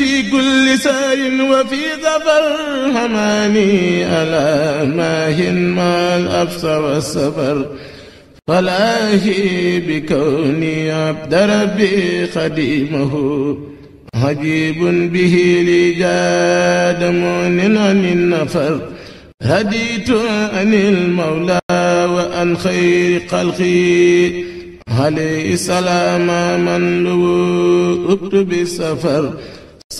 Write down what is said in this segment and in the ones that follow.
في كل سير وفي ظفر حماني ألا ماهن ما الأبصر والسفر فلاهي بكوني عبد ربي خديمه عجيب به لي جاد مؤمن عن النفر هديت عن المولى وعن خير خلقي عليه السلام من لو اكتب السفر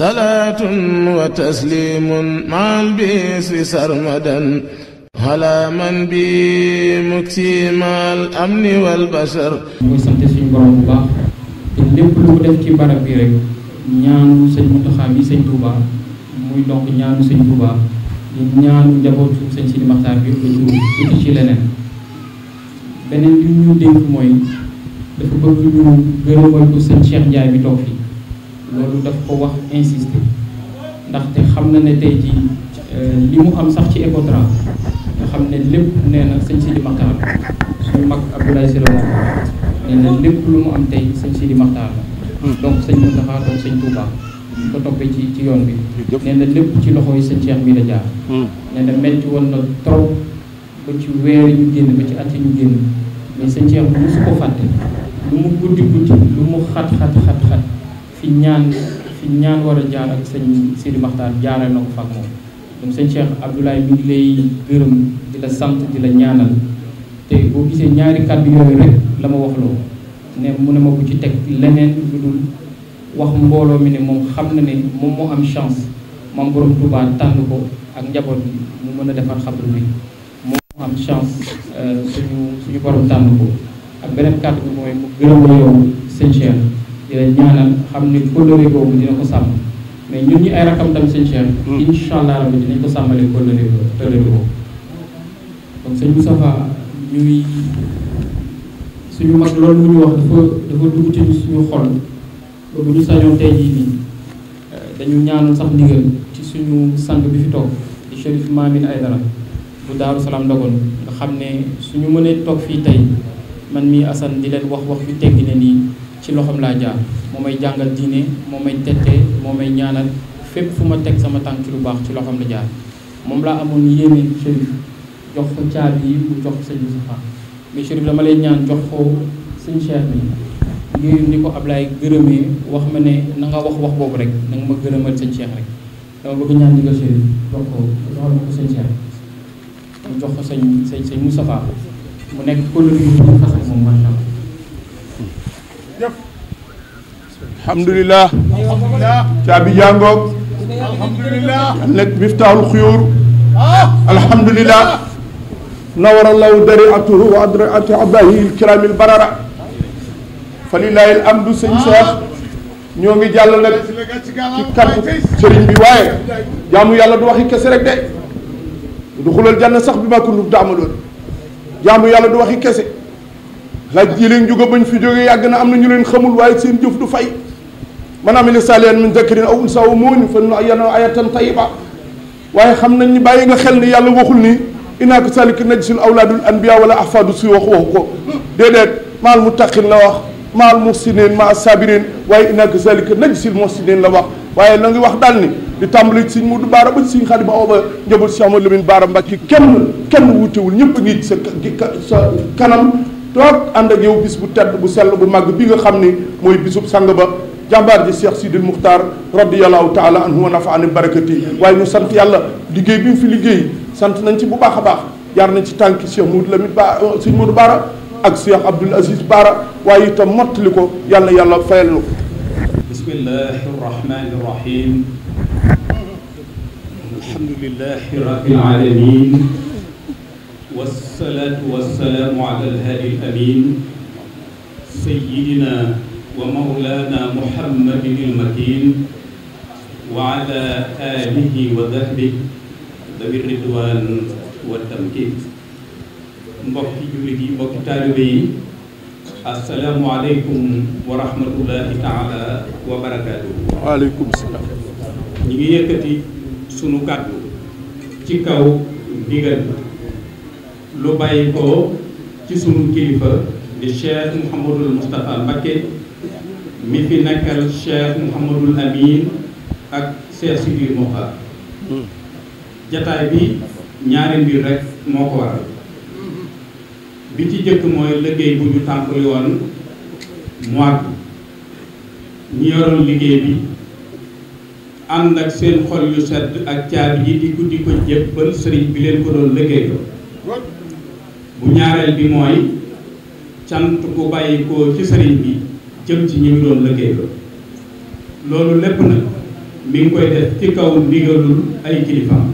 صلاة وتسليم مع البسر سرمدا على من بي مكسي مع الأمن والبشر muy sant suñu borom bu baax te lépp lu mu def ci barab bi rek ñaanu sëñ Muntaxa mi sëñ Tuuba muy donc ñaanu sëñ Tuuba ñaanu njabootu sëñ Sidi Maxtaar bi lu ci leneen beneen li ñu dénk mooy dafa bëgg ñu gërëmal ko sëñ Cheikh Ndiaye bi toog fii loolu daf ko wax insisté ndaxte xam na ne tey ji euh, li mu am sax ci Ecotra nga xam ne lépp nee na sëñ Sidi Maxtaar suñu mag Abdoulaye Sylla nee na lépp lu mu am tey sëñ Sidi Maxtaar donc sëñ Moustapha donc sëñ Touba ñu ko toppee ci ci yoon bi nee na lépp ci loxo yi sëñ Cheikh bi la jaar hmm. nee na metti woon na trop ba ci weer ñu génn ba ci at ñu génn mais sëñ Cheikh bu su ko fàtte lu mu guddi guddi lu mu xat xat xat xat fi ñaan fi war a jaar ak sëñ Sidi maxtaan jaaree na ko fa ak moom donc sëñ Cheikh Abdoulaye mi gërëm di la sant di la ñaanal te boo gisee ñaari kàddu yooyu rek la ma wax ne mu ne ma ko ci teg leneen wax mbooloo mi ne moom xam na ne moom moo am chance moom borom Touba tànn ko ak njaboot bi mu mën a defar xabru bi moom moo am chance euh, suñu suñu borom tànn ko ak beneen kàddu bi mooy mu gërëm la yow sëñ di la ñaanal xam ne kóllëre boobu dina ko sàmm mais ñun ñi ay rakam tam seen cher. Hmm. incha allah rabbi dinañ ko sàmmale kóllëre kóllëre boobu. donc sëñ Moustapha ñuy suñu mag loolu ñu wax dafa dugg ci suñu xol ba bu ñu sañoon tey jii nii euh, dañu ñaanal sax ndigal ci suñu sang bi fi toog di Chérif Mamine Aydara bu Daaru Salaam dogoon nga xam ne suñu mënee toog fii tey man mii Assane di leen wax wax yu teggi ne nii. ci loxoom laa jaar moo may jàngal diine moo may tettee moom may ñaanal fépp fu ma teg sama tànk ci lu baax ci loxoom la jaar moom laa amoon yéene Chérif jox ko caabi yi mu jox ko sëñ Moustapha mais Chérif ñaan jox ko sëñ Cheikh mi ngir ni wax ma ne na wax wax boobu rek na nga ma gërëmal sëñ rek dama bëgg ñaan ndigal Chérif jox mu jox ko mu nekk kóllëre bi ñu moom macha allah alhamdulilah caabi jàngoog am nekk la xuyuur alhamdulilah nawara law dari atuhu wa adra ati abahi kiraamil barara fa lillahi alhamdu sëñ Seex ñoo ngi jàll nag ci kàddu sëriñ bi waaye jaamu yàlla du waxi kese rek de du xulal jànn sax bi ma kuntum taamaloon jaamu yàlla du waxi kese laaj ji leen jóge bañ fi jógee yàgg na am na ñu leen xamul waaye seen jëf du fay man amila saalihan min zakarin aw unsaa wa mu'minun fa nuhayyinu hayatan tayyiba waaye xam nañ ni bàyyi nga xel ni yàlla waxul ni innaa kazaalika najzil awlaadul anbiyaa wala ahfaadu si wax waxu ko déedéet maal muttaqin la wax maal muhsinin maa sabirin waaye innaa kazaalika najzil muhsinin la wax waaye la nga wax daal ni di tàmbali sëñ Modou Baara ba sëñ Xaadim Awa ba njaboot si Amadou Lamine Baara Mbàkke kenn kenn wutewul ñëpp a ngi sa sa kanam toog ànd ak yow bis bu tedd bu sell bu màgg bi nga xam ni mooy bisub sang ba jàmbaar ji Cheikh Sidil Muxtaar radiyallahu taala anhu wa nafaani barakati waaye ñu sant yàlla liggéey bi mu fi liggéey sant nañ ci bu baax a baax jaar nañ ci tànki Cheikh Moudou Lamine Ba euh, Sëñ Moudou Baara ak Cheikh Abdoul Aziz Baara waaye itam mottali ko yàlla yàlla fayal nu ko bismillahi rahmani rahim alhamdulillahi rabbil alamin wassalatu wassalamu ala al hadi al amin sayyidina ومولانا محمد المكين وعلى آله وذهبه ذوي الرضوان والتمكين mbokki jullit yi mbokki taalibe yi asalaamu aleykum wa rahmatullahi taala wa barakaatu. waaleykum salaam. ñu ngi yëkkati sunu kàddu ci kaw ndigal lu bàyyi ko ci sunu kilifa di Cheikh Mouhamadul Moustapha Mbacké mi fi nekkal cheikh Mouhamadul Amin ak cheikh Sidy Mokhtar jataay bi ñaari mbir rek moo ko waral bi ci jëkk mooy liggéey bu ñu tàmbali woon mois bi ñu yoroon liggéey bi ànd ak seen xol yu sedd ak caabi yi di guddi ko jébbal sëriñ bi leen ko doon liggéeyoo bu ñaareel bi mooy cant bu bàyyi ko ci sëriñ bi jëm ci ñi mu doon liggéey loolu lépp nag mi ngi koy def ci kaw ndigalul ay kilifaam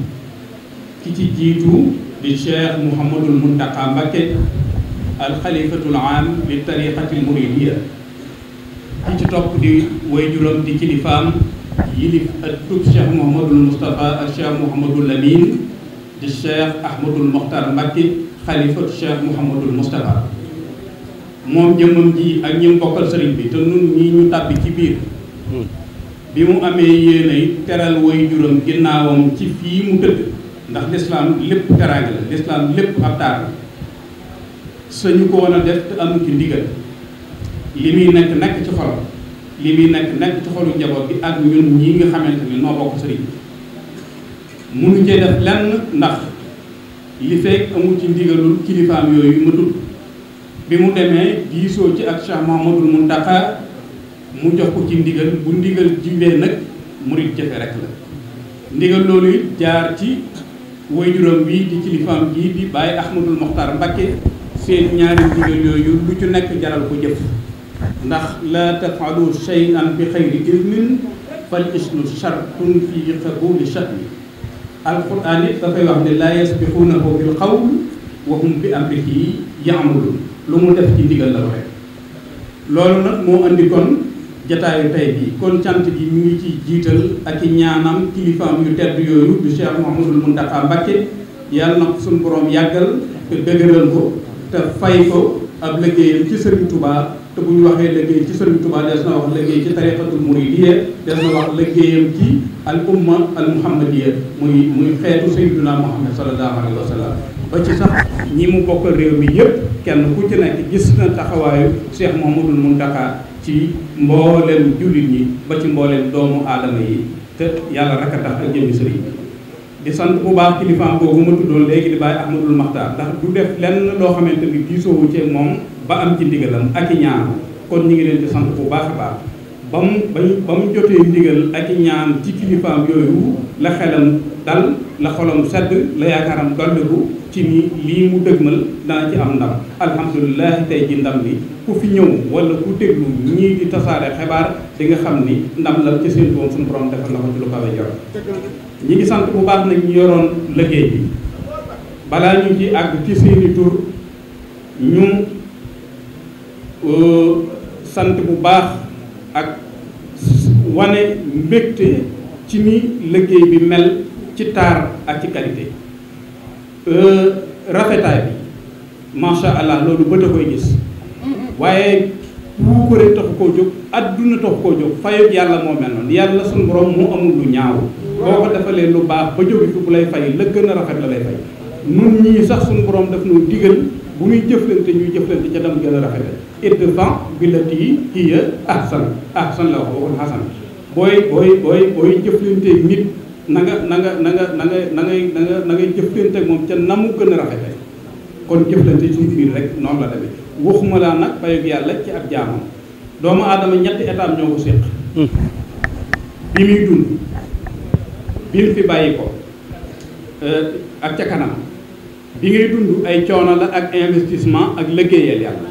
ki ci jiitu di cheikh Mouhamadul Muntaqa Mbacké al xalifatul aam li tariqatil muridiya ki ci topp di wayjuram di kilifaam yilif ak tub cheikh Mouhamadul Moustapha ak cheikh Mouhamadul Lamine di cheikh Ahmadul Mokhtar Mbacké xalifatu cheikh Mouhamadul Moustapha. moom jëmmam ji ak ñi bokkal sëriñ bi te nun ñi ñu tàbbi ci biir hmm. bi mu amee yéenay teral way juróom ginnaawam ci fii mu tëdd ndax lislaam lépp teraanga la lislaam lépp ab taar la sañu ko woon a def te amu ci ndigal li muy nekk nekk ci xolam li muy nekk nekk ci xolu njaboot bi ak ñun ñii nga xamante ni noo bokk sëriñ bi munu cee def lenn ndax li fekk amu ci ndigalul kilifaam yooyu ma tudd bi mu demee diisoo ci ak Cheikh mu Mountakha mu jox ko ci ndigal bu ndigal jiwee nag murit jëfe rek la ndigal loolu it jaar ci way waajuram wi di kilifaam ji bi Baye Ahmadul Mokhtar Mbacké seen ñaari ndigal yooyu lu ci nekk jaral ko jëf ndax la tafalu shay'an bi xayri ilmin fal islu shartun fi qabuli shatmi alquran it dafay wax ne la yasbiqunahu bil qawl waxum bi amrihi ya'maluun lu mu def ci ndigal la ko loolu nag moo andi kon jataayu tay bi kon cant bi mu ngi ci jiital ak ñaanam kilifaam yu tedd yooyu du Cheikh Mouhamadul Mountakha Mbacké yàlla na ko suñu borom yàggal te dëgëral ko te fay ko ab liggéeyam ci Serigne Touba. te bu ñu waxee liggéey ci Sëriñ Tuubaa des na wax liggéey ci tariqatul muridiyya des na wax liggéeyam ci al umma al muhammadiyya muy muy xeetu sayyiduna Muhammad sallallahu alayhi wa sallam ba sax ñi mu bokkal réew mi yëpp kenn ku ci gis na taxawaayu Cheikh Mouhamadoul Mountakha ci mboolem jullit ñi ba ci mboolem doomu aadama yi te yàlla rek a tax ak jëmmi sëriñ di sant bu baax kilifaam boobu ma tuddoon léegi di bàyyi Ahmadul Maxtaar ndax du def lenn loo xamante ni diisoowu ci moom ba am ci ndigalam ak i ñaan kon ñu ngi leen di sant bu baax a baax ba mu ba mu jotee ndigal ak i ñaan ci kilifaam yooyu la xelam dal la xolam sedd la yaakaaram dolliku ci ni lii mu dëgmal dana ci am ndam alhamdulilah tey ji ndam li ku fi ñëw wala ku déglu ñii di tasaare xabaar di nga xam ni ndam la ci seen doom suñu borom defal na ko ci lu ñi ngi sant bu baax nag ñu yoroon liggéey bi balaa ñu ci àgg ci seeni tur ñu euh, sant bu baax ak wane mbégte ci ni liggéey bi mel ci taar ak ci qualité euh, rafetaay bi macha allah loolu bët a koy gis waaye bu ko rek taxu koo jóg adduna taxu koo jóg fayoog yàlla moo mel noonu yàlla sunu borom mu amul lu ñaaw boo ko defalee lu baax ba jóge fi bu lay fay la gën a rafet la lay fay nun ñii sax suñu borom daf nu digal bu ñuy jëflante ñuy jëflante ca dem gën a rafet idfa' billatii hiya ahsan ahsan la waxoon hasan booy booy booy booy jëflante nit na nga na nga na nga na nga na ngay na na ngay jëflante ak moom ca na mu gën a rafete kon jëflante suñu biir rek noonu la demee waxuma laa nag payoog yàlla ci ab jaamam doomu aadama ñetti étape ñoo ko séq hmm. bi muy dund bi mu fi bàyyi ko euh, ak ca kanam bi ngay dund ay coono la ak investissement ak liggéeyal yàlla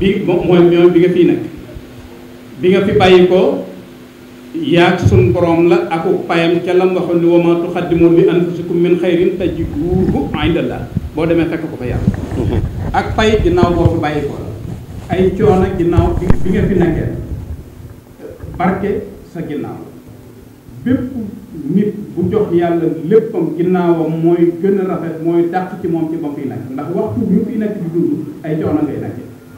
bi mooy mooy bi nga fii nekk bi nga fi bàyyi ko yaag sun borom la aku payam ca lam waxoon ni wa ma tuqaddimu li anfusikum min xayrin tajiduhu indallah boo demee fekk ko fa yàlla mm-hmm. ak pay ginnaaw boo fi bàyyi ko ay coono ginnaaw bi nga fi nekkee barke sa ginnaaw bépp nit bu jox yàlla léppam ginnaawam mooy gën a rafet mooy dàq ci moom ci ba fiy nekk ndax waxtu bi fiy nekk di dund ay coono ngay nekk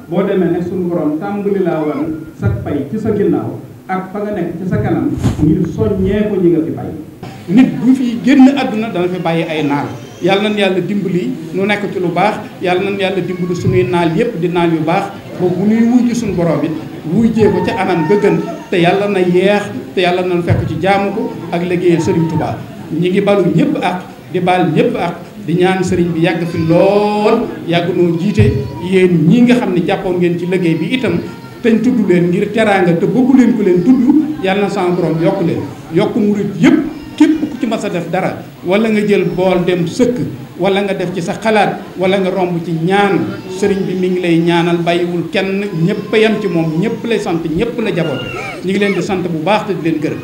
boo demee ne suñu borom tàmbali laa wan sa pay ci sa ginnaaw ak fa nga nekk ci sa kanam ngir soññee ko ñi nga fi nit bu fi génn àdduna dana fi bàyyi ay naal yàlla nan yàlla dimbali nu nekk ci lu baax yàlla nan yàlla dimbali suñuy naal yépp di naal yu baax boobu bu ñuy wuy ci suñu borom it wujjee ko ca anam gëggan te yàlla na yeex te yàlla na fekk ci jaamu ko ak liggéeyal sëriñ Touba ñi ngi balu ñëpp ak di baal ñëpp ak di ñaan sëriñ bi yàgg fi lool yàgg noo jiite yéen ñi nga xam ne jàppoon ngeen ci liggéey bi itam teñ tudd leen ngir teraanga te bëggu leen ku leen tudd yàlla na sama borom yokk leen yokk murit yëpp képp ku ci mas a def dara wala nga jël bool dem sëkk wala nga def ci sa xalaat wala nga romb ci ñaan sëriñ bi mi ngi lay ñaanal bàyyiwul kenn ñëpp a ci moom ñëpp lay sant ñëpp la jaboote ñi ngi leen di sant bu baax te di leen gërëm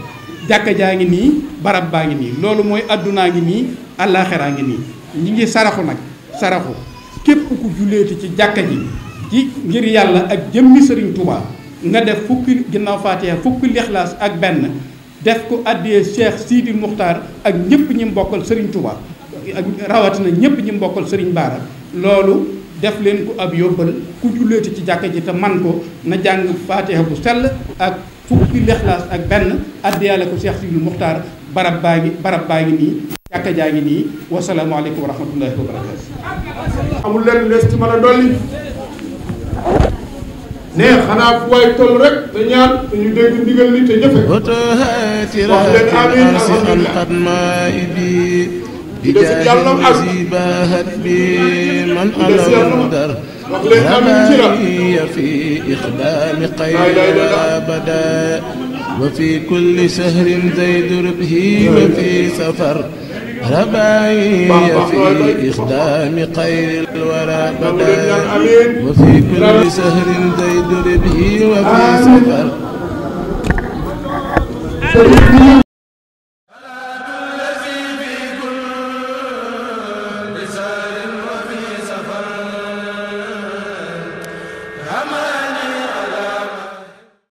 jàkka jaa ngi nii barab baa ngi nii loolu mooy àddunaa ngi nii àllaaxiraa ngi nii ñi ngi saraxu nag saraxu képp ku julleeti ci jàkka ji ci ngir yàlla ak jëmmi sëriñ Touba nga def fukki ginnaaw faatiha fukki lixlaas ak benn def ko addiyee Cheikh Sidi Muxtaar ak ñëpp ñi mbokkal sëriñ Touba ak rawatina ñëpp ñi mbokkal sëriñ Baara def leen ko ab yóbbal ku julleeti ci jàkk ji te man ko na jàng faatiha bu sell ak fukki lexlaas ak benn addiyaale ko Cheikh Sidil Muxtaar barab baa ngi barab baa ngi nii jàkka jaa ngi nii wasalaamaaleykum wa rahmatullahi wa barakatu amul leen lees xanaa fu waay toll te ñaan dégg ndigal li te jëfe wax leen amin alhamdulillah di des yàlla am àgg di des yàlla am wax leen am ci la waay daay doy na. wa fi kulli sahrin zayd rubhi wa fi safar. رباعي في إخدام خير الورى بدا وفي كل سهر زيد ربه وفي سفر